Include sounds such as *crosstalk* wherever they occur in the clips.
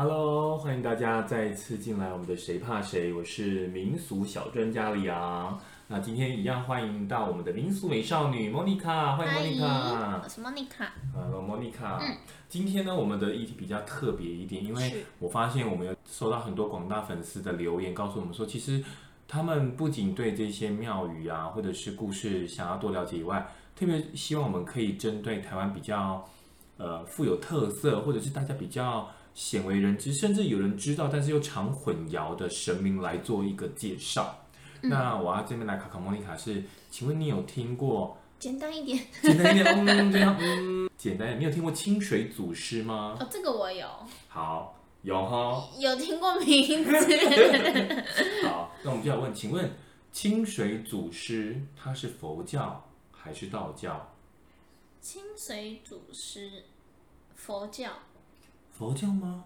Hello，歡迎大家再一次進來我們的《誰怕誰》，我是民俗小專家李陽。那今天一樣歡迎到我們的民俗美少女莫妮卡，歡迎莫妮卡。我是莫妮卡。哈囉，莫妮卡。今天呢，我們的議題比較特別一點，因為我發現我們有收到很多廣大粉絲的留言，告訴我們說，其實他們不僅對這些廟宇啊，或者是故事想要多了解，以外，特別希望我們可以針對臺灣比較呃富有特色，或者是大家比較。鮮為人知，甚至有人知道，但是又常混淆的神明來做一個介紹。嗯、那我要這邊來考考莫妮卡是，請問你有聽過？簡單一點，簡單一點，嗯 *laughs* 嗯，簡單一點。你有聽過清水祖師嗎？哦，這個我有。好，有哈。有聽過名字？ *laughs* 好，那我們就要問，請問清水祖師他是佛教還是道教？清水祖師，佛教。佛教嗎？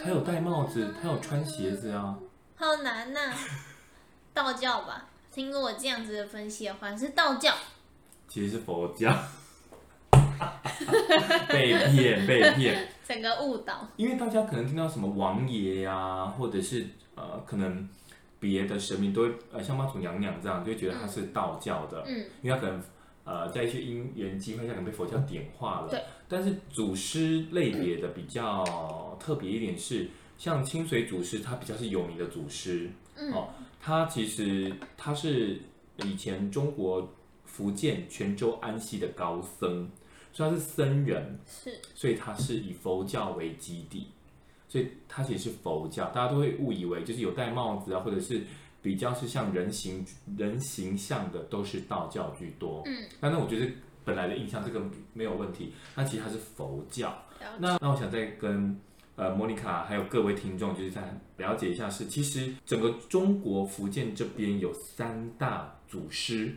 他有戴帽子，嗯、他有穿鞋子啊，嗯嗯嗯、好難吶、啊！道教吧？聽過我這樣子的分析的話，是道教。其實是佛教。 *laughs* 被騙被騙，整個誤導。因為大家可能聽到什麼王爺啊，或者是呃，可能別的神明都會呃像媽祖娘娘這樣，就會覺得他是道教的。嗯，因為他可能呃在一些因緣際會下，可能被佛教點化了。嗯、對。但是祖師類別的比較特別一點是，像清水祖師，他比較是有名的祖師。哦，他其實他是以前中國福建泉州安溪的高僧，所以他是僧人。是。所以他是以佛教為基地，所以他其實是佛教，大家都會誤以為就是有戴帽子啊，或者是比較是像人形人形象的都是道教居多。嗯。那那我覺得。本來的印象，這個沒有問題。他其實它是佛教。那那我想再跟呃莫妮卡還有各位聽眾，就是在了解一下是，是其實整個中國福建這邊有三大祖師。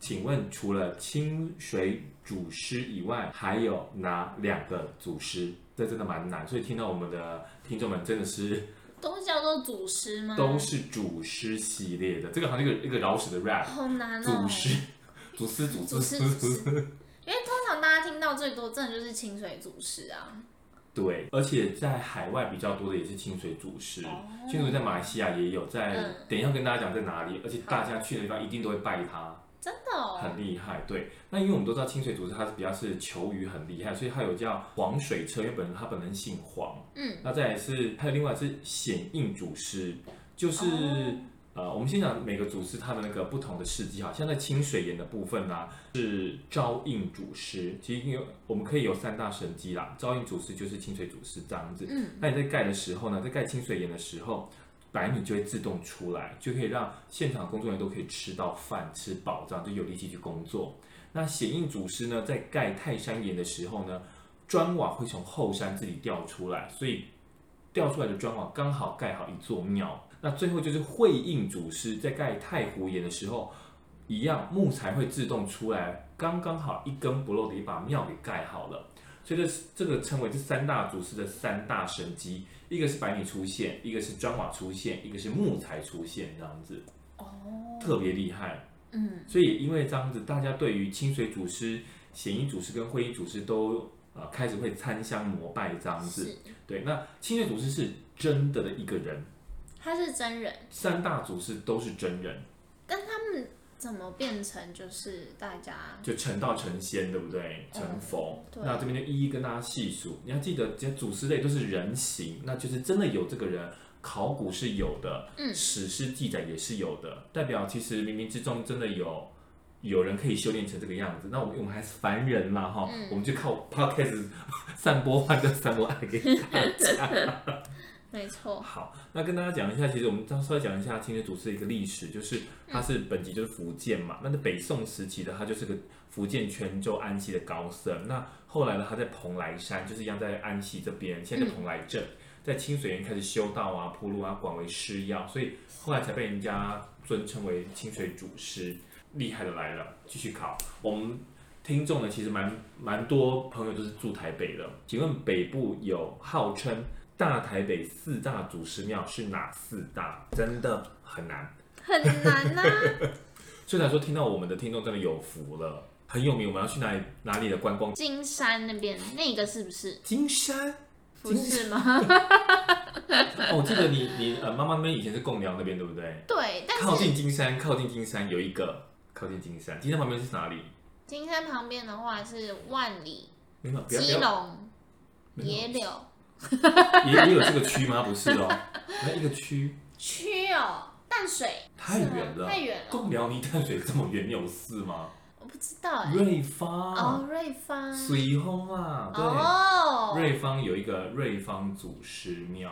請問除了清水祖師以外，還有哪兩個祖師？這真的蠻難。所以聽到我們的聽眾們真的是，都是叫做祖師嗎？都是祖師系列的。這個好像一個一個饒舌的 rap。好難啊、哦、祖師。祖師，祖師，因為通常大家聽到最多，真的就是清水祖師啊。對，而且在海外比較多的也是清水祖師，清、哦、水在馬來西亞也有，在、嗯、等一下跟大家講在哪裡。而且大家去的地方一定都會拜他，真、哦、的，很厲害。對，那因為我們都知道清水祖師他是比較是求雨很厲害，所以他有叫黃水車，因為本人他本人姓黃。嗯，那再來是還有另外是顯應祖師，就是。哦呃，我們先講每個祖師他的那個不同的事蹟，好像在清水岩的部分呢，啊，是昭應祖師，其實我們可以有三大神蹟啦，昭應祖師就是清水祖師這樣子。嗯。那你在蓋的時候呢，在蓋清水岩的時候，白米就會自動出來，就可以讓現場工作人員都可以吃到飯，吃飽脹，這樣就有力氣去工作。那顯應祖師呢，在蓋泰山岩的時候呢，磚瓦會從後山這裡掉出來，所以掉出來的磚瓦剛好蓋好一座廟。那最後就是惠應祖師在蓋太湖岩的時候，一樣木材會自動出來，剛剛好一根不漏的一把廟給蓋好了。所以這是這個稱為這三大祖師的三大神迹，一個是白米出現，一個是磚瓦出現，一個是木材出現這樣子。哦，特別厲害。嗯，所以因為這樣子，大家對於清水祖師、顯應祖師跟惠應祖師都呃開始會參香膜拜這樣子。對，那清水祖師是真的的一個人。他是真人，三大祖師都是真人，但他們怎麼變成就是大家就成道成仙，對不對？成佛、哦，那這邊就一一跟大家細數。你要記得，這些祖師類都是人形，那就是真的有這個人，考古是有的，史詩記載也是有的，嗯、代表其實冥冥之中真的有有人可以修煉成這個樣子。那我們我們還是凡人嘛，哈、嗯，我們就靠 Podcast 散播，Podcast 散播愛給大家。 *laughs* *laughs* 沒錯，好，那跟大家講一下，其實我們稍微講一下清水祖是的一個歷史，就是他是本籍就是福建嘛，嗯、那是北宋時期的，他就是個福建泉州安溪的高僧。那後來呢，他在蓬萊山，就是一樣在安溪這邊，現在蓬萊鎮，在清水院開始修道啊、鋪路啊、廣為施藥，所以後來才被人家尊稱為清水祖師。厲害的來了，繼續考，我們聽眾呢其實蠻蠻多朋友都是住台北的，請問北部有號稱。大台北四大祖師廟是哪四大？真的很難，很難啊！雖 *laughs* 然說，聽到我們的聽眾真的有福了，很有名。我們要去哪裡？哪裡的觀光？金山那邊，那個是不是？金山不是，金山是嗎？我記得你你呃，媽媽那邊以前是貢寮那邊，對不對？對但是，靠近金山，靠近金山有一個，靠近金山，金山旁邊是哪裡？金山旁邊的話是萬里、基隆、野柳。也 *laughs* 也有這個區嗎？不是哦，那一個區區哦，淡水太遠了，啊、太遠了，跟遼寧淡水這麼遠有事嗎？我不知道、欸。瑞芳哦，瑞芳，隨、oh, 後啊，對，瑞、oh. 芳有一個瑞芳祖師廟，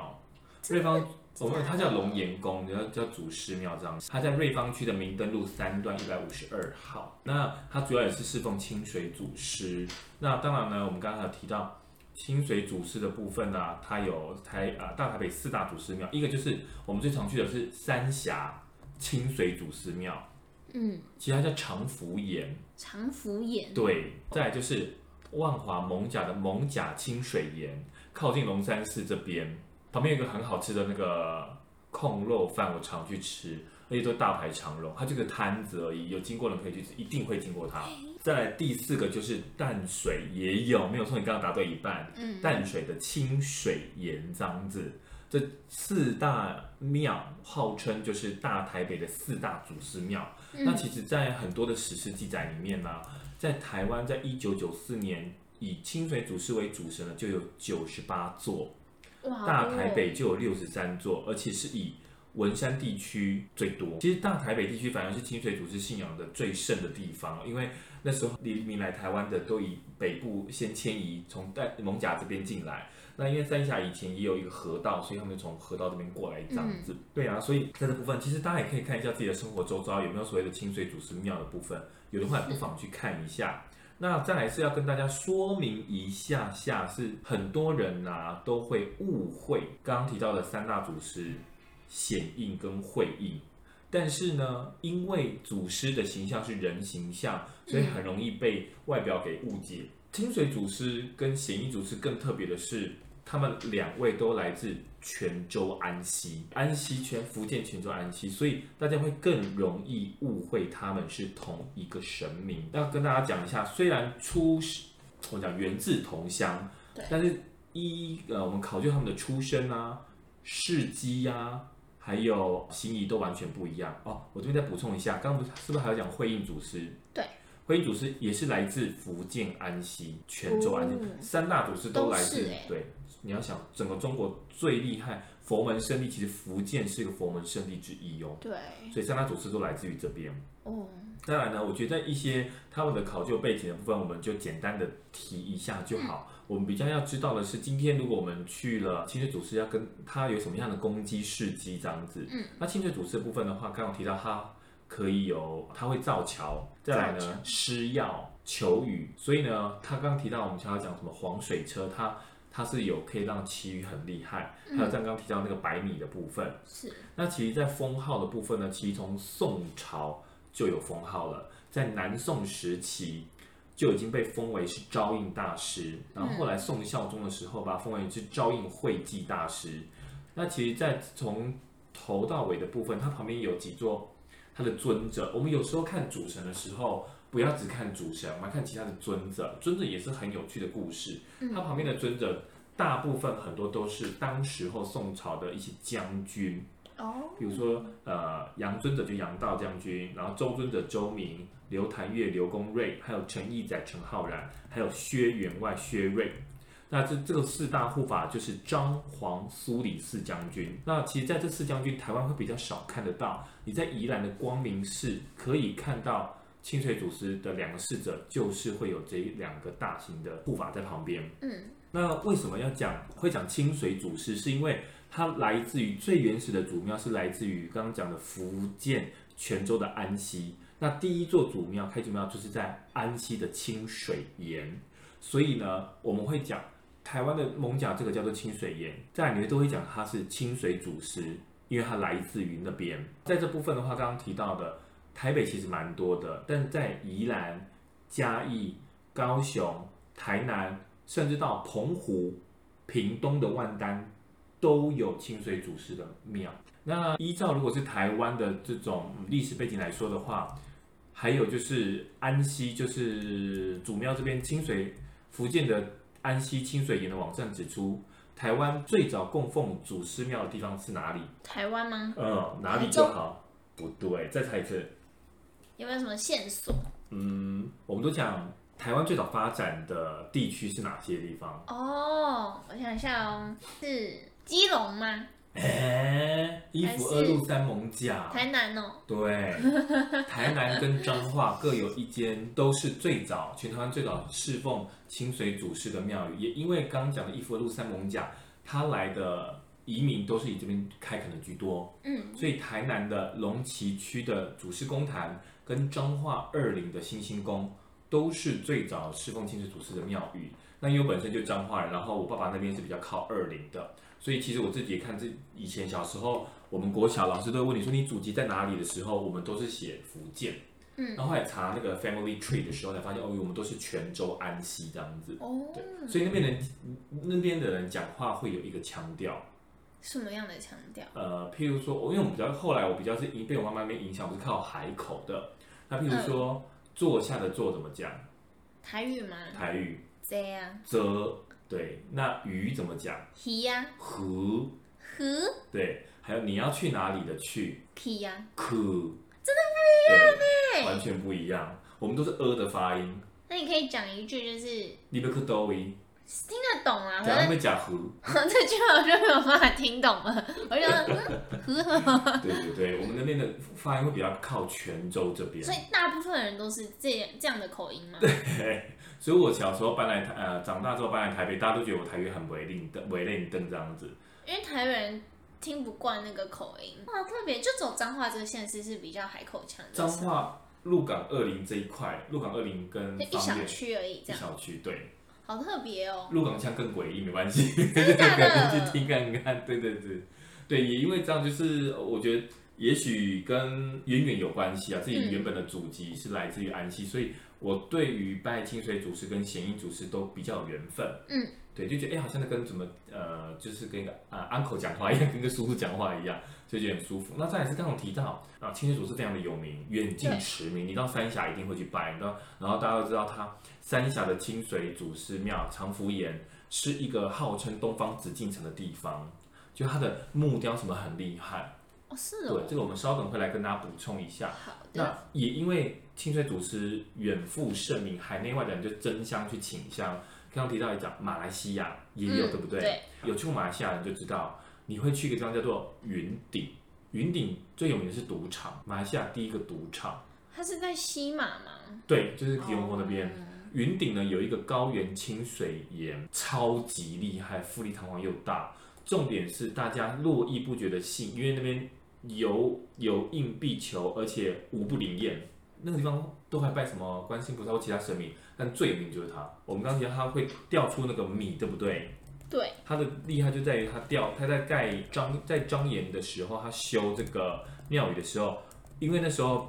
瑞芳，芳，芳，芳，我們它叫龍岩宮，然後叫祖師廟這樣。它在瑞芳區的明燈路三段一百五十二號。那它主要也是侍奉清水祖師。那當然呢，我們剛才有提到。清水祖師的部分呢、啊，它有台啊、呃，大台北四大祖師廟，一個就是我們最常去的是三峽清水祖師廟，嗯，其他叫長福岩，長福岩，對，再來就是萬華艋舺的艋舺清水岩，靠近龍山寺這邊，旁邊有一個很好吃的那個控肉飯，我常去吃，而且都大排長龍，它就是攤子而已，有經過人可以去吃，一定會經過它。再來第四個就是淡水也有，沒有錯，你剛剛答對一半、嗯。淡水的清水岩，這樣子，這四大廟號稱就是大台北的四大祖師廟、嗯。那其實，在很多的史事記載裡面呢、啊，在台灣，在一九九四年以清水祖師為主神的就有九十八座，大台北就有六十三座，而且是以。文山地區最多，其實大台北地區反而是清水祖師信仰的最盛的地方，因為那時候移民來台灣的都以北部先遷移，從大艋舺這邊進來。那因為三峽以前也有一個河道，所以他們就從河道這邊過來這樣子、嗯。對啊，所以在這部分，其實大家也可以看一下自己的生活周遭有沒有所謂的清水祖師廟的部分，有的話也不妨去看一下。那再來是要跟大家說明一下，下，下是很多人吶、啊、都會誤會剛剛提到的三大祖師。顯應跟會應，但是呢，因為祖師的形象是人形象，所以很容易被外表給誤解。嗯、清水祖師跟顯應祖師更特別的是，他們兩位都來自泉州安溪，安溪全福建泉州安溪，所以大家會更容易誤會他們是同一個神明。那跟大家講一下，雖然出，我們講源自同鄉，但是一呃，我們考究他們的出身啊，事蹟呀。還有心儀都完全不一樣哦，我這邊再補充一下，剛剛不是，不是還有講惠應祖師？對，惠應祖師也是來自福建安溪、泉州安溪、嗯、三大祖師都來自。欸、對，你要想整個中國最厲害佛門聖地，其實福建是一個佛門聖地之一哦。對。所以三大祖師都來自於這邊。哦、嗯。當然呢，我覺得一些他們的考究背景的部分，我們就簡單的提一下就好。嗯我們比較要知道的是，今天如果我們去了清水祖師，要跟他有什麼樣的攻擊事蹟這樣子。嗯。那清水祖師部分的話，剛剛提到他可以有，他會造橋，再來呢施藥求雨、嗯。所以呢，他剛剛提到我們想要講什麼黃水車，他他是有可以讓祈雨很厲害。嗯、還有像剛剛提到那個白米的部分。是。那其實，在封號的部分呢，其實從宋朝就有封號了，在南宋時期。就已經被封為是昭應大師，然後後來宋孝宗的時候，把他封為是昭應會計大師。嗯、那其實，在從頭到尾的部分，他旁邊有幾座他的尊者。我們有時候看主神的時候，不要只看主神，我們要看其他的尊者，尊者也是很有趣的故事。嗯、他旁邊的尊者，大部分很多都是當時候宋朝的一些將軍。比如說，呃，楊尊者就是楊道將軍，然後周尊者周明、劉檀越、劉公銳，還有陳義載、陳浩然，還有薛員外薛瑞。那這這個四大護法就是張黃蘇李四將軍。那其實在這四將軍，台灣會比較少看得到。你在宜蘭的光明寺可以看到清水祖師的兩個侍者，就是會有這兩個大型的護法在旁邊。嗯，那為什麼要講會講清水祖師？是因為。它來自於最原始的祖廟，是來自於剛剛講的福建泉州的安溪。那第一座祖廟開祖廟就是在安溪的清水岩。所以呢，我們會講台灣的艋舺這個叫做清水岩，在裡面都會講它是清水祖師，因為它來自於那邊。在這部分的話，剛剛提到的台北其實蠻多的，但是在宜蘭、嘉義、高雄、台南，甚至到澎湖、屏東的萬丹，都有清水祖師的廟。那依照如果是台灣的這種歷史背景來說的話，還有就是安溪，就是祖廟這邊清水福建的安溪清水岩的網站指出，台灣最早供奉祖師廟的地方是哪裡？台灣嗎？嗯，哪裡就好。不對，再猜一次。有沒有什麼線索？嗯，我們都講台灣最早發展的地區是哪些地方？哦，我想一下哦，是。基隆嗎？誒，一府二鹿三艋舺，台南哦。對，台南跟彰化各有一間，都是最早 *laughs* 全台灣最早侍奉清水祖師的廟宇。也因為剛、剛講的一府二鹿三艋舺，他來的移民都是以這邊開墾的居多。嗯，所以台南的龍崎區的祖師公壇跟彰化二林的新興宮，都是最早侍奉清水祖師的廟宇。那因為本身就彰化人，然後我爸爸那邊是比較靠二林的，所以其實我自己也看，這以前小時候我們國小老師都問你說你祖籍在哪裡的時候，我們都是寫福建。嗯，然後還查那個 family tree 的時候，才發現哦、呃，我們都是泉州安溪這樣子。哦。所以那邊人那邊的人講話會有一個腔調，什麼樣的腔調？呃，譬如說，我因為我比較後來我比較是被我媽媽那邊影響，我是靠海口的。那譬如說、呃、坐下的坐怎麼講？台語嗎？台語。對啊。則。對，那魚怎麼講？呀、啊？河，河。對，還有你要去哪裡的去？呀、啊？河，真的不一樣呢，完全不一樣。我們都是呃的發音。那你可以講一句就是，你聽得懂啊？講他會講“胡 *laughs* ”，這句話我就沒有辦法聽懂了。我覺得“胡 *laughs* ”，對對對，我們的那邊的發音會比較靠泉州這邊。所以大部分人都是這這樣的口音嘛。對，所以我小時候搬來台，呃，長大之後搬來台北，大家都覺得我台語很違令的違令登這樣子。因為台灣人聽不慣那個口音，哇，特別就走彰化這個縣市，是比較海口腔的的。彰化，鹿港二林這一塊，鹿港二林跟一小區而已這樣，這一小區，對。好特別哦鹿港腔更詭異，沒關係，哈哈， *laughs* 去聽看看，對對對，對，也因為這樣，就是我覺得也許跟遠遠有關係啊，自己原本的祖籍是來自於安溪，嗯、所以我對於拜清水祖師，跟顯應祖師都比較有緣分，嗯。對，就覺得哎、欸，好像在跟什麼，呃，就是跟一個啊 uncle 講話一樣，跟一個叔叔講話一樣，所以就很舒服。那再來是剛剛提到啊，清水祖師非常的有名，遠近馳名。你到三峽一定會去拜的，然後大家都知道它三峽的清水祖師廟，長福岩是一個號稱東方紫禁城的地方，就它的木雕什麼很厲害。哦，是哦。對，這個我們稍等會來跟大家補充一下。好的。那也因為清水祖師遠負盛名，海內外的人就爭相去請香。剛剛提到一講，馬來西亞也有對不、嗯、對？有去過馬來西亞你就知道，你會去一個地方叫做雲頂。雲頂最有名的是賭場，馬來西亞第一個賭場。它是在西馬嗎？對，就是吉隆坡那邊。哦、雲頂呢，有一個高原清水岩，超級厲害，富麗堂皇又大。重點是大家絡繹不絕的信，因為那邊有有應必求，而且無不靈驗。那個地方都還拜什麼觀世音菩薩或其他神明。但罪名就是他。我們剛才說他會掉出那個鼻，對不對？對。他的厲害就在於他掉，他在蓋張在張岩的時候，他修這個廟宇的時候，因為那時候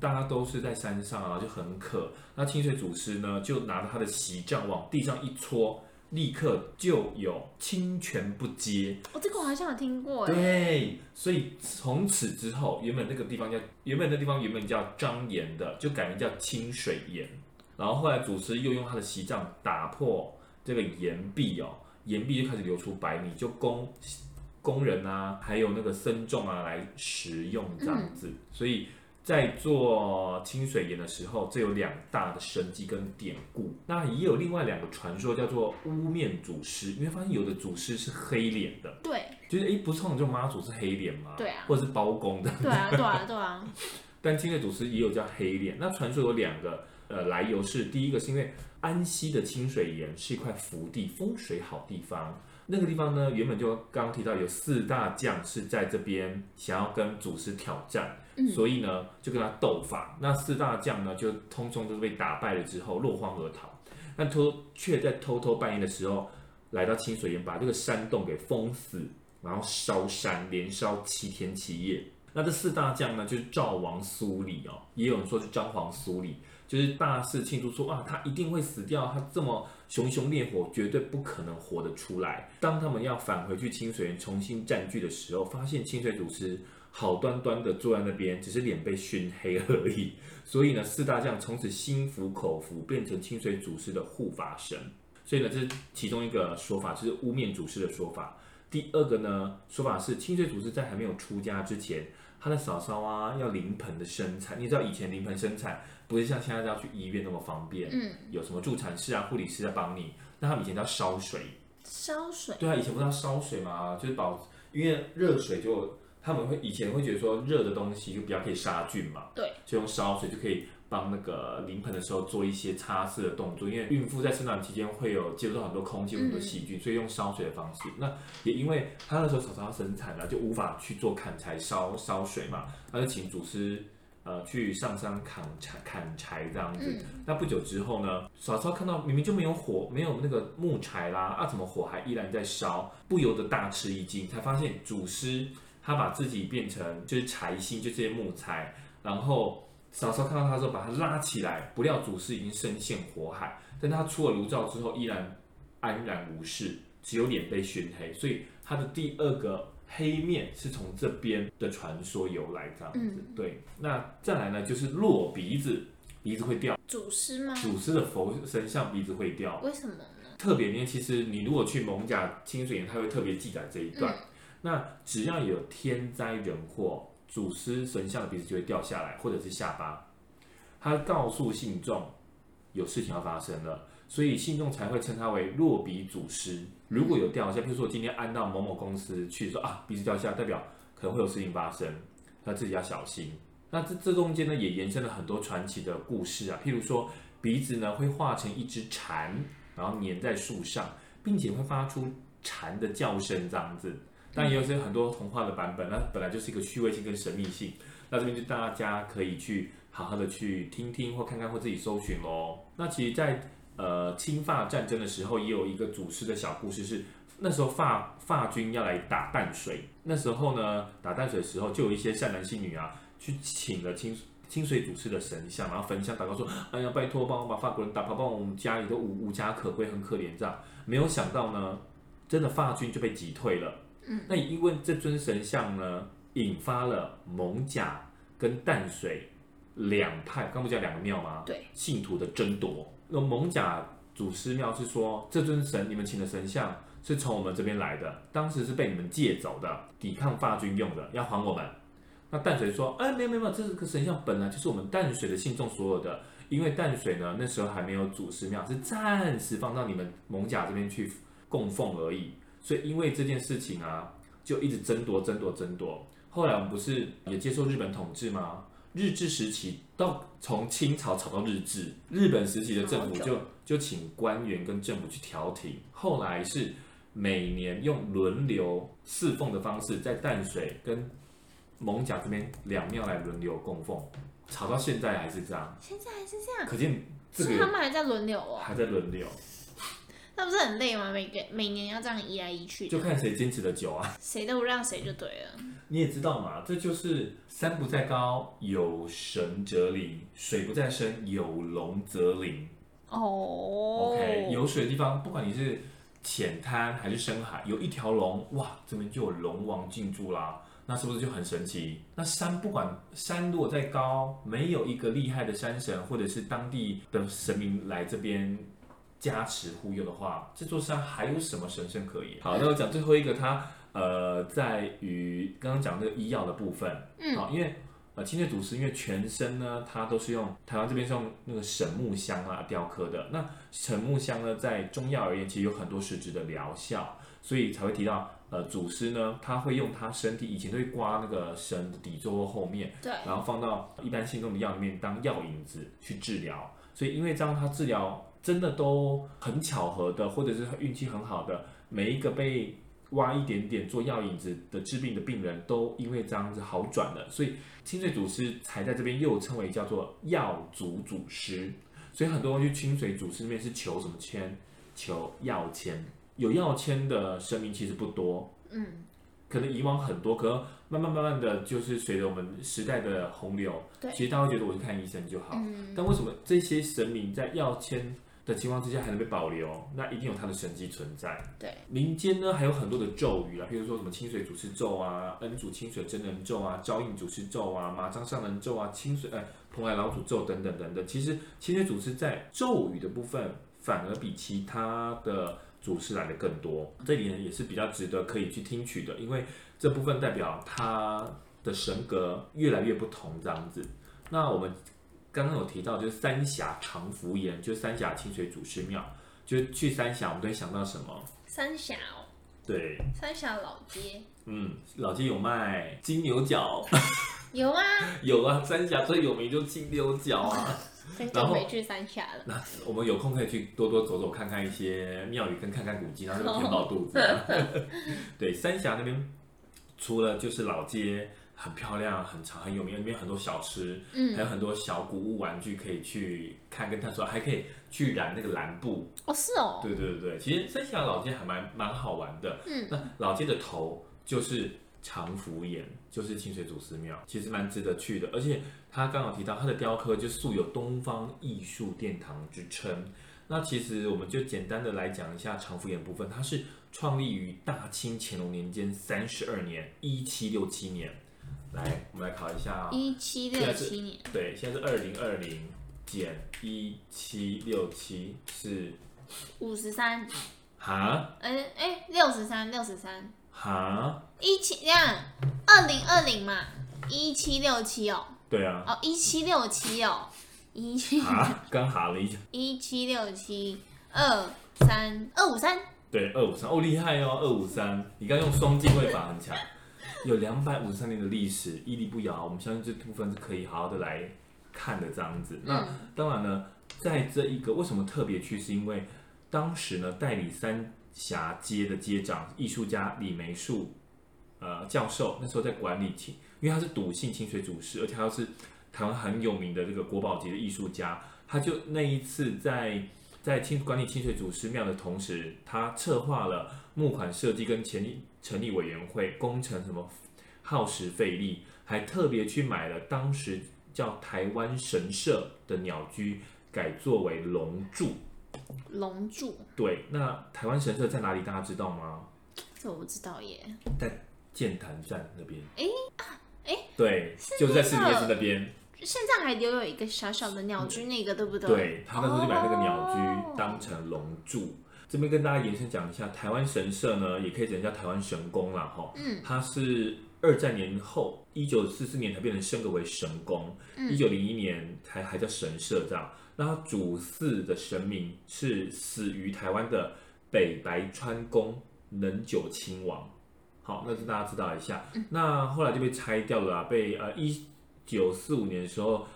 大家都是在山上啊，就很渴。那清水祖師呢，就拿着他的錫杖往地上一戳，立刻就有清泉不竭。哦，這個我好像有聽過。對，所以從此之後，原本這個地方叫原本那地方原本叫張岩的，就改名叫清水岩。然後後來，祖師又用他的錫杖打破這個岩壁哦，岩壁就開始流出白米，就供工、工人啊，還有那個僧眾啊來食用這樣子、嗯。所以在做清水岩的時候，這有兩大的神蹟跟典故。那也有另外兩個傳說，叫做烏面祖師。你會發現有的祖師是黑臉的？對，就是哎，不錯，這就媽祖是黑臉嗎？對啊，或者是包公的？對啊，對啊，對啊。 *laughs* 但清水祖師也有叫黑臉，那傳說有兩個。呃，來由是第一個是因為安溪的清水岩是一塊福地，風水好地方。那個地方呢，原本就剛剛提到有四大將是在這邊想要跟祖師挑戰，嗯、所以呢就跟他鬥法。那四大將呢就通通都被打敗了之後落荒而逃，但他卻在偷偷半夜的時候來到清水岩，把這個山洞給封死，然後燒山，連燒七天七夜。那這四大將呢，就是趙王蘇李哦，也有人說是張黃蘇李，就是大肆慶祝說啊，他一定會死掉，他這麼熊熊烈火，絕對不可能活得出來。當他們要返回去清水巖重新占據的時候，發現清水祖師好端端的坐在那邊，只是臉被燻黑而已。所以呢，四大將從此心服口服，變成清水祖師的護法神。所以呢，這其中一個說法，就是烏面祖師的說法。第二個呢，說法是清水祖師在還沒有出家之前。他的嫂嫂啊，要臨盆的生產，你知道以前臨盆生產不是像現在這樣去醫院那麼方便，嗯，有什麼助產士啊、護理師在幫你，那他們以前叫燒水，燒水，對啊，以前不是要燒水嘛，就是保，因為熱水就他們會以前會覺得說熱的東西就比較可以殺菌嘛，對，就用燒水就可以。幫那個臨盆的時候做一些擦拭的動作，因為孕婦在生產期間會有接觸到很多空氣、很多細菌，所以用燒水的方式。嗯、那也因為他那時候嫂嫂要生產了，就無法去做砍柴燒燒水嘛，她就請祖師呃去上山砍柴砍柴這樣子、嗯。那不久之後呢，嫂嫂看到明明就沒有火、沒有那個木柴啦，啊，怎麼火還依然在燒？不由得大吃一驚，才發現祖師他把自己變成就是柴薪，就這些木材，然後。少少看到他之後，把他拉起來，不料祖師已經深陷火海。但他出了爐灶之後，依然安然無事，只有臉被燻黑。所以他的第二個黑面是從這邊的傳說由來這樣子、嗯。對，那再來呢，就是落鼻子，鼻子會掉。祖師嗎？祖師的佛神像鼻子會掉，為什麼呢？特別，呢？其實你如果去艋舺清水巖，它會特別記載這一段、嗯。那只要有天災人禍。祖師神像的鼻子就會掉下來，或者是下巴。他告訴信眾有事情要發生了，所以信眾才會稱他為落鼻祖師。如果有掉下，譬如說我今天安到某某公司去，說啊鼻子掉下，代表可能會有事情發生，他自己要小心。那這這中間呢，也延伸了很多傳奇的故事啊，譬如說鼻子呢會化成一隻蟬，然後粘在樹上，並且會發出蟬的叫聲這樣子。但也有些很多童話的版本，那本來就是一個趣味性跟神秘性。那這邊就大家可以去好好的去聽聽或看看或自己搜尋咯，那其實在，在呃清法戰爭的時候，也有一個祖師的小故事是，是那時候法法軍要來打淡水，那時候呢打淡水的時候，就有一些善男信女啊，去請了清清水祖師的神像，然後焚香禱告說：“哎呀，拜托幫我把法國人打跑，幫我們家裡都無無家可歸，很可憐這樣。”沒有想到呢，真的法軍就被擊退了。嗯，那因為這尊神像呢，引發了艋舺跟淡水兩派，剛不叫兩個廟嗎？對，信徒的爭奪。那艋舺祖師廟是說，這尊神你們請的神像是從我們這邊來的，當時是被你們借走的，抵抗法軍用的，要還我們。那淡水說，哎，沒有沒有，這個神像本來就是我們淡水的信眾所有的，因為淡水呢那時候還沒有祖師廟，是暫時放到你們艋舺這邊去供奉而已。所以因為這件事情啊，就一直爭奪爭奪爭奪。後來我們不是也接受日本統治嗎？日治時期到從清朝，吵到日治，日本時期的政府就就請官員跟政府去調停。後來是每年用輪流侍奉的方式，在淡水跟艋舺這邊兩廟來輪流供奉，吵到現在還是這樣。現在還是這樣。可見這個他們還在輪流哦。還在輪流。那不是很累嗎？每個每年要這樣移來移去，就看誰堅持得久啊。誰都不讓誰就對了。 *laughs* 你也知道嘛，這就是山不在高，有神則靈；水不在深，有龍則靈。哦、oh，OK，有水的地方，不管你是淺灘還是深海，有一條龍，哇，這邊就有龍王進駐啦。那是不是就很神奇？那山不管山如果再高，沒有一個厲害的山神或者是當地的神明來這邊。加持護佑的話，這座山還有什麼神聖可言？好，那我講最後一個，它、呃，在於剛剛講那個醫藥的部分。嗯，好，因為呃，清水祖師因為全身呢，它都是用台灣這邊是用那個神木香啊雕刻的。那神木香呢，在中藥而言，其實有很多實質的療效，所以才會提到呃，祖師呢，他會用他身體以前都會刮那個神的底座或後面，對，然後放到一般性用的藥裡面當藥引子去治療。所以因為這樣，他治療。真的都很巧合的，或者是運氣很好的，每一個被挖一點點做藥引子的治病的病人都因為這樣子好轉了，所以清水祖師才在這邊又稱為叫做藥祖祖師。所以很多人去，清水祖師這邊是求什麼籤？求藥籤？有藥籤的神明其實不多。嗯，可能以往很多，可能慢慢慢慢的就是隨着我們時代的洪流，對，其實大家覺得我去看醫生就好。嗯。但為什麼這些神明在藥籤？的情況之下還能被保留，那一定有它的神蹟存在。對，民間呢還有很多的咒語啊，譬如說什麼清水祖師咒啊、恩主清水真人咒啊、昭應祖師咒啊、麻章上，上人咒啊、清水呃、哎、蓬萊老祖咒等等等等。其實清水祖師在咒語的部分反而比其他的祖師來得更多，這點也是比較值得可以去聽取的，因為這部分代表他的神格越來越不同這樣子。那我們。剛剛有提到，就是三峽長福巖，就是三峽清水祖師廟，就去三峽，我們都會想到什麼？三峽哦，對，三峽老街，嗯，老街有賣金牛角， *laughs* 有啊，有啊，三峽最有名就是金牛角啊，然 *laughs* 後沒去三峽了，那我們有空可以去多多走走看看一些廟宇，跟看看古蹟，然後就填飽肚子、啊。 *laughs* 對，三峽那邊除了就是老街。很漂亮，很長，很有名。裡面很多小吃，嗯，還有很多小古物、玩具可以去看。跟探索，還可以去染那個藍布哦，是哦，對對對，其實三峽老街還蠻蠻好玩的，嗯，那老街的頭就是長福岩，就是清水祖師廟，其實蠻值得去的。而且他剛好提到，他的雕刻就素有東方藝術殿堂之稱。那其實我們就簡單的來講一下長福岩部分，它是創立於大清乾隆年間三十二年，一七六七年。來，我們來考一下啊、哦！一七六七年，對，現在是二零二零減一七六七是五十三。哈？哎哎，六十三，六十三。哈？17, 一七這樣，二零二零嘛，一七六七哦。對啊。哦，一七六七哦，一七。啊 *laughs* ，剛哈了一下。一七六七，二三，二五三。對，二五三，哦厲害哦，二五三，你剛，剛用雙進位法很強。 *laughs* 有兩百五十三年的歷史，屹立不搖。我們相信這部分是可以好好的來看的這樣子。那當然呢，在這一個為什麼特別去？是因為當時呢，代理三峽街的街長藝術家李梅樹，呃，教授那時候在管理清，因為他是篤信清水祖師，而且他是台灣很有名的這個國寶級的藝術家，他就那一次在。在清管理清水祖師廟的同時，他策劃了募款設計跟成立成立委員會，工程什麼耗時費力，還特別去買了當時叫台灣神社的鳥居，改作為龍柱。龍柱。對，那台灣神社在哪裡？大家知道嗎？這我不知道耶。在建潭站那邊。哎對是，就在士林那邊。現在還留有一個小小的鳥居，嗯、那個對不對？對，他那時候就把那個鳥居當成龍柱。Oh、這邊跟大家延伸講一下，台灣神社呢，也可以簡叫台灣神宮了哈、哦。嗯，它是二戰年後，一九四四年才變成升格為神宮，一九零一年才還，還叫神社這樣。那他主祀的神明是死於台灣的北白川宮能久親王。好，那是大家知道一下、嗯。那後來就被拆掉了、啊，被呃一。九四五年的時候，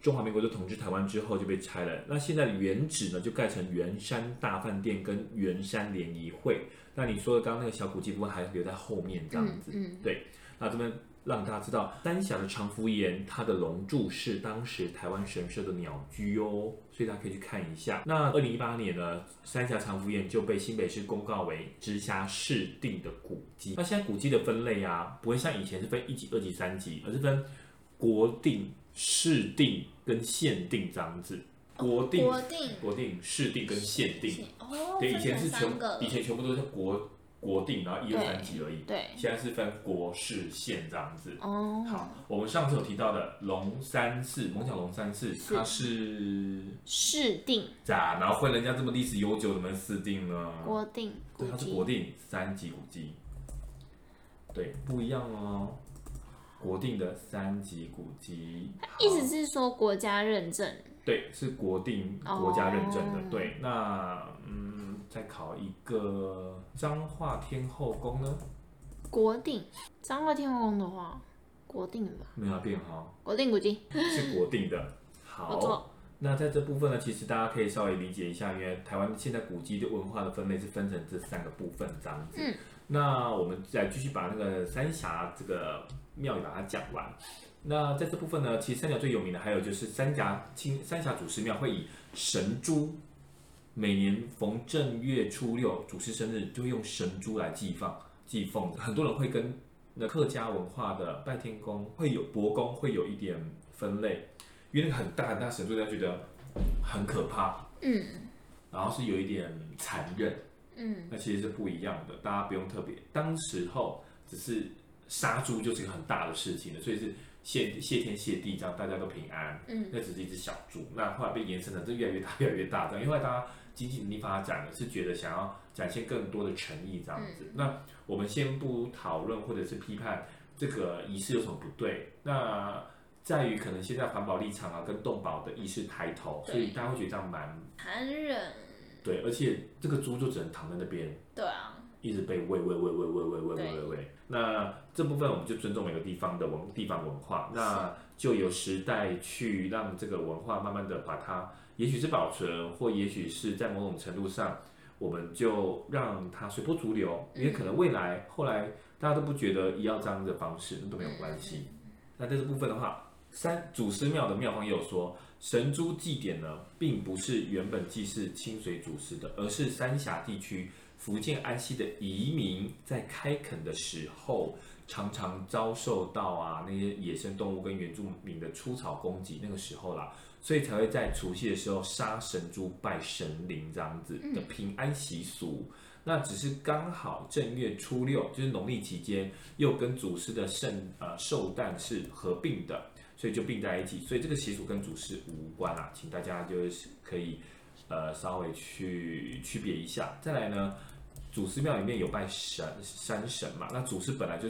中華民國就統治台灣之後就被拆了。那現在原址呢，就蓋成圓山大飯店跟圓山聯誼會。那你說的剛剛那個小古蹟，不會還留在後面這樣子？嗯嗯、對。那這邊讓大家知道，三峽的長福岩，它的龍柱是當時台灣神社的鳥居哦，所以大家可以去看一下。那二零一八年呢，三峽長福岩就被新北市公告為直轄市定的古蹟。那現在古蹟的分類啊，不會像以前是分一級、二級、三級，而是分。國定、市定跟縣定這樣子。國定、哦，國定、國定、市定跟縣定。哦對，以前是全，以前全部都是國國定，然後一、二、三級而已對。對，現在是分國、市、縣這樣子。哦，好，我們上次有提到的龍山寺、哦，艋舺龍山寺，它是，是市定。咋？然後會人家這麼歷史悠久，怎麼市定呢？國定，它是國定，國定三級五級。對，不一樣哦。國定的三級古蹟，意思是說國家認證，對，是國定國家認證的、哦。對，那嗯，再考一個彰化天後宮呢？國定彰化天後宮的話，國定的吧，沒有變哈，國定古蹟是國定的。好，那在這部分呢，其實大家可以稍微理解一下，因為台灣現在古蹟的文化的分類是分成這三個部分這樣子。嗯，那我們再繼續把那個三峽這個。廟宇把它講完，那在這部分呢，其實三峽最有名的還有就是三峽清三峽祖師廟會以神豬，每年逢正月初六祖師生日，就會用神豬來祭放祭奉。很多人會跟那客家文化的拜天公會有伯公會有一點分類，因為很大很大神豬大家覺得很可怕，嗯，然後是有一點殘忍，嗯，那其實是不一樣的，大家不用特別，當時候只是。殺豬就是個很大的事情了，所以是謝謝天謝地這樣大家都平安。嗯，那只是一只小豬，那後來被延伸成這越來越大越來越大這樣，因為大家經濟能力發展了，是覺得想要展現更多的誠意這樣子，嗯。那我們先不討論或者是批判這個儀式有什麼不對，那在於可能現在環保立場啊，跟動保的意識抬頭，所以大家會覺得這樣蠻殘忍。對，而且這個豬就只能躺在那邊。對啊。一直被餵餵餵餵餵餵餵餵餵。那這部分我們就尊重每個地方的文地方文化，那就有時代去讓這個文化慢慢的把它，也許是保存，或也許是在某種程度上，我們就讓它隨波逐流，因為可能未來後來大家都不覺得一要這樣的方式，那都沒有關係。嗯、那在這部分的話，三祖師廟的廟方也有說，神豬祭典呢，並不是原本祭祀清水祖師的，而是三峽地區福建安溪的移民在開墾的時候，常常遭受到啊，那些野生動物跟原住民的出草攻擊，那個時候啦，所以才會在除夕的時候殺神豬拜神靈這樣子的平安習俗。嗯、那只是剛好正月初六就是農曆期間，又跟祖師的聖呃壽誕是合併的，所以就併在一起。所以這個習俗跟祖師無關啊，請大家就是可以。呃，稍微去區別一下，再來呢，祖師廟裡面有拜神山神嘛，那祖師本來就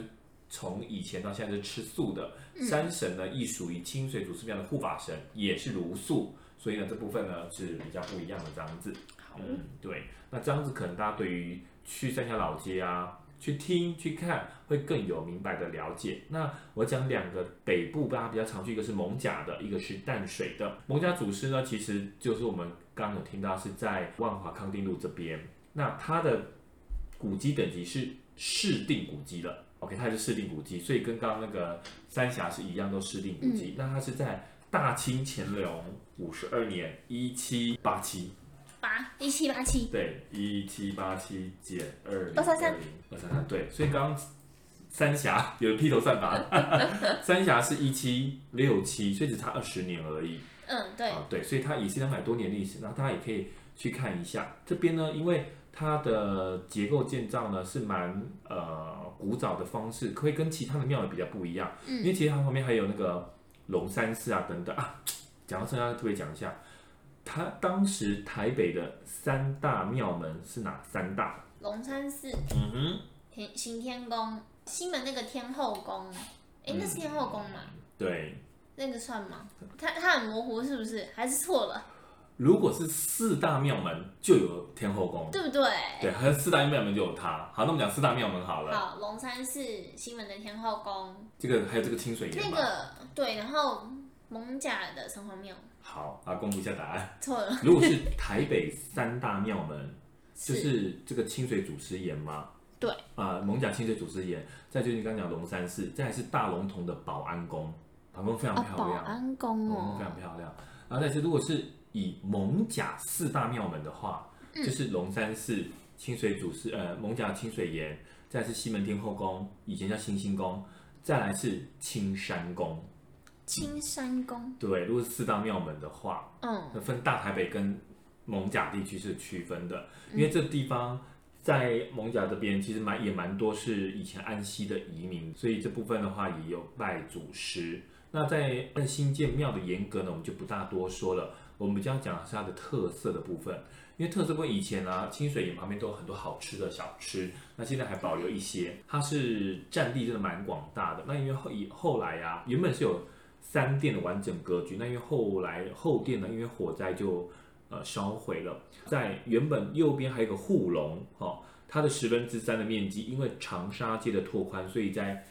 從以前到現在是吃素的，山神呢亦屬於清水祖師廟的護法神，也是茹素，所以呢這部分呢是比較不一樣的這樣子。嗯，對，那這樣子可能大家對於去三峽老街啊，去聽去看會更有明白的了解。那我講兩個北部大家比較常去，一個是艋舺的，一個是淡水的。艋舺祖師呢其實就是我們。剛剛有聽到是在萬華康定路這邊，那它的古蹟等級是市定古蹟了。OK，它是市定古蹟，所以跟剛，剛那個三峽是一樣，都市定古蹟那，嗯、它是在大清乾隆五十二年一七八七，八一七八七。對，一七八七減二二三三二三三。對，所以剛，剛三峽有人劈頭散髮， *laughs* *laughs* 三峽是一七六七，所以只差二十年而已。嗯，對啊、哦，對，所以它也是兩百多年歷史，然後大家也可以去看一下這邊呢，因為它的結構建造呢是蠻呃古早的方式，可以跟其他的廟也比較不一樣、嗯。因為其他旁邊還有那個龍山寺啊等等啊，講到這要特別講一下，他當時台北的三大廟門是哪三大？龍山寺，嗯哼，行行天宮，西門那個天後宮，哎，那是天後宮嗎？嗯、對。那個算嗎？它它很模糊，是不是？還是錯了？如果是四大廟門，就有天後宮，對不對？對，還有四大廟門就有它。好，那我們講四大廟門好了。好，龍山寺、西門的天後宮，這個還有這個清水岩。那個對，然後艋舺的城隍廟。好，啊，公布一下答案，錯了。 *laughs* 如果是台北三大廟門，就是這個清水祖師岩嗎？對。啊、呃，艋舺清水祖師岩，再就是剛講龍山寺，還是大龍峒的保安宮。非常漂亮啊、保安宮哦、嗯，非常漂亮。然後，但是如果是以艋舺四大廟門的話，嗯、就是龍山寺、清水祖師呃，艋舺清水岩，再來是西門町天後宮，以前叫新興宮，再來是青山宮。青山宮、嗯、對，如果是四大廟門的話，嗯，那分大台北跟艋舺地區是區分的，因為這地方在艋舺這邊其實蠻也蠻多是以前安溪的移民，所以這部分的話也有拜祖師。那在新建廟的沿革呢，我們就不大多說了。我們將講的是它的特色的部分，因為特色部分以前啊，清水岩旁邊都有很多好吃的小吃，那現在還保留一些。它是占地真的蠻廣大的。那因為後以後來呀、啊，原本是有三殿的完整格局，那因為後來後殿呢，因為火災就呃燒毀了。在原本右邊還有個護龍，哈、哦，它的十分之三的面積，因為長沙街的拓寬，所以在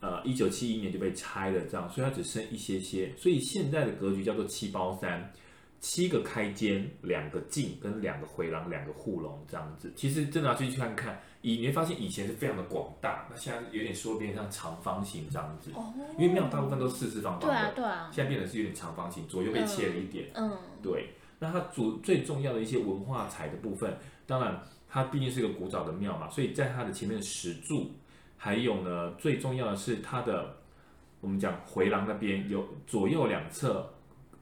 呃，一九七一年就被拆了，這樣，所以它只剩一些些。所以現在的格局叫做七包三，七個開間，兩個進跟兩個回廊，兩個護龍這樣子。其實真拿出去看看，以你會發現以前是非常的廣大，那現在有點縮變成長方形這樣子。哦。因為廟大部分都四四方方的，對啊，對啊。現在變得是有點長方形，左右被切了一點，嗯。嗯。對。那它主最重要的一些文化財的部分，當然它畢竟是一個古早的廟嘛，所以在它的前面石柱。還有呢，最重要的是它的，我們講回廊那邊有左右兩側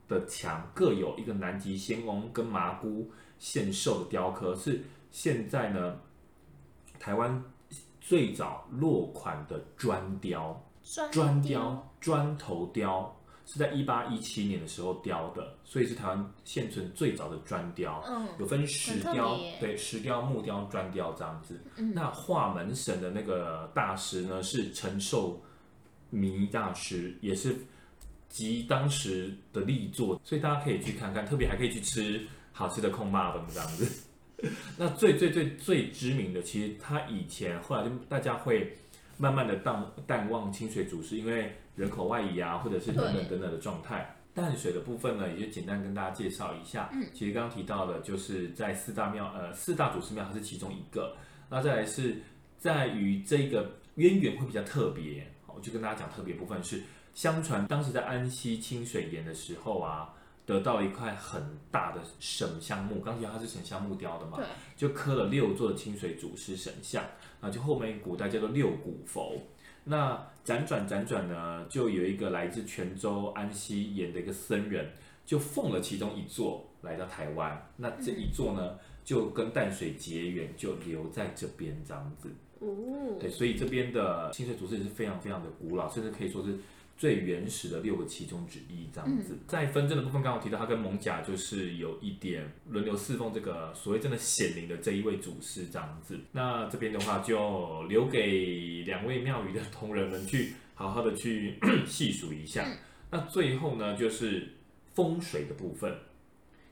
的牆各有一個南極仙翁跟麻姑獻壽的雕刻，是現在呢台灣最早落款的磚雕，磚雕磚頭雕。是在一八一七年的時候雕的，所以是台灣現存最早的磚雕。嗯，有分石雕，對，石雕、木雕、磚雕這樣子。嗯、那畫門神的那個大師呢，是陳壽彝大師，也是集當時的力作，所以大家可以去看看，特別還可以去吃好吃的空麻羹這樣子。 *laughs* 那最最最最知名的，其實他以前後來就大家會。慢慢的淡淡忘清水祖師，因為人口外移啊，或者是等等等等的狀態。淡水的部分呢，也就簡單跟大家介紹一下。嗯，其實剛剛提到的，就是在四大廟，呃，四大祖師廟它是其中一個。那再來是在於這個淵源會比較特別，我、哦、就跟大家講特別部分是，相傳當時在安溪清水岩的時候啊。得到一塊很大的神像木，剛提到它是神像木雕的嘛，對，就刻了六座的清水祖師神像，啊，就後面古代叫做六古佛。那輾轉輾轉呢，就有一個來自泉州安溪岩的一個僧人，就奉了其中一座來到台灣，那這一座呢、嗯、就跟淡水結緣，就留在這邊這樣子。哦、嗯，對，所以這邊的清水祖師也是非常非常的古老，甚至可以說是。最原始的六個其中之一這樣子，在分鎮的部分剛剛提到，他跟艋舺就是有一點輪流侍奉這個所謂真的顯靈的這一位祖師這樣子。那這邊的話就留給兩位廟宇的同仁們去好好的去細數 *coughs* 一下。那最後呢，就是風水的部分。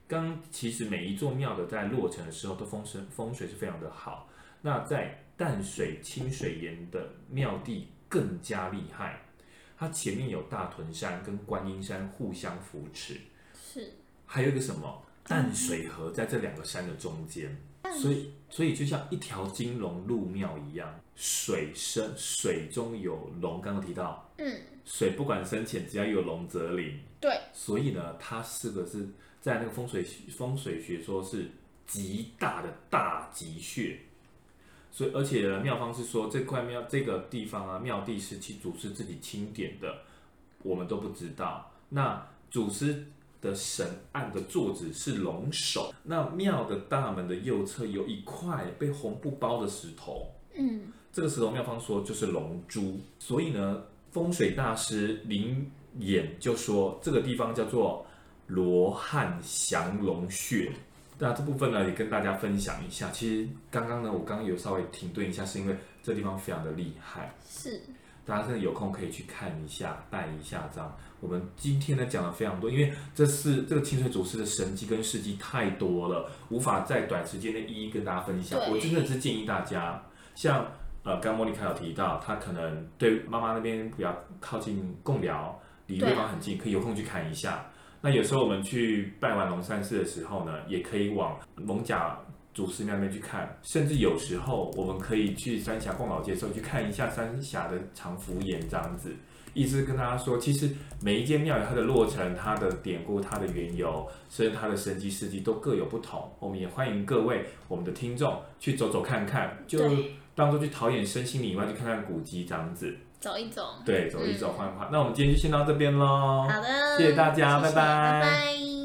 剛其實每一座廟的在落成的時候都風水風水是非常的好，那在淡水清水岩的廟地更加厲害。它前面有大屯山跟觀音山互相扶持，是，還有一個什麼淡水河在這兩個山的中間，所以所以就像一條金龍入廟一樣，水深水中有龍。剛剛提到，嗯，水不管深淺，只要有龍則靈。對，所以呢，它是個是在那個風水風水學說是極大的大吉穴。所以，而且呢，廟方是說這塊廟這個地方啊，廟地是其祖師自己欽點的，我們都不知道。那祖師的神案的座子是龍首，那廟的大門的右側有一塊被紅布包的石頭，嗯，這個石頭廟方說就是龍珠。所以呢，風水大師林演就說，這個地方叫做羅漢降龍穴。那這部分呢，也跟大家分享一下。其實剛剛呢，我剛有稍微停頓一下，是因為這地方非常的厲害。是，大家真的有空可以去看一下，辦一下這樣。我們今天呢講了非常多，因為這是這個清水祖師的神蹟跟事蹟太多了，無法在短時間內一一跟大家分享。我真的是建議大家，像呃，剛莫妮卡有提到，她可能對媽媽那邊比較靠近貢寮，離對方很近，可以有空去看一下。那有時候我們去拜完龍山寺的時候呢，也可以往艋舺祖師廟那邊去看，甚至有時候我們可以去三峽逛老街的時候去看一下三峽的長福巖這樣子。一直跟大家說，其實每一間廟宇它的落成、它的典故、它的緣由，甚至它的神奇事蹟都各有不同。我們也歡迎各位我們的聽眾去走走看看，就當做去陶冶身心靈以外，去看看古蹟這樣子。走一走，對，走一走，換、嗯、換。那我們今天就先到這邊嘍。好的，謝謝大家，謝謝拜拜。拜拜。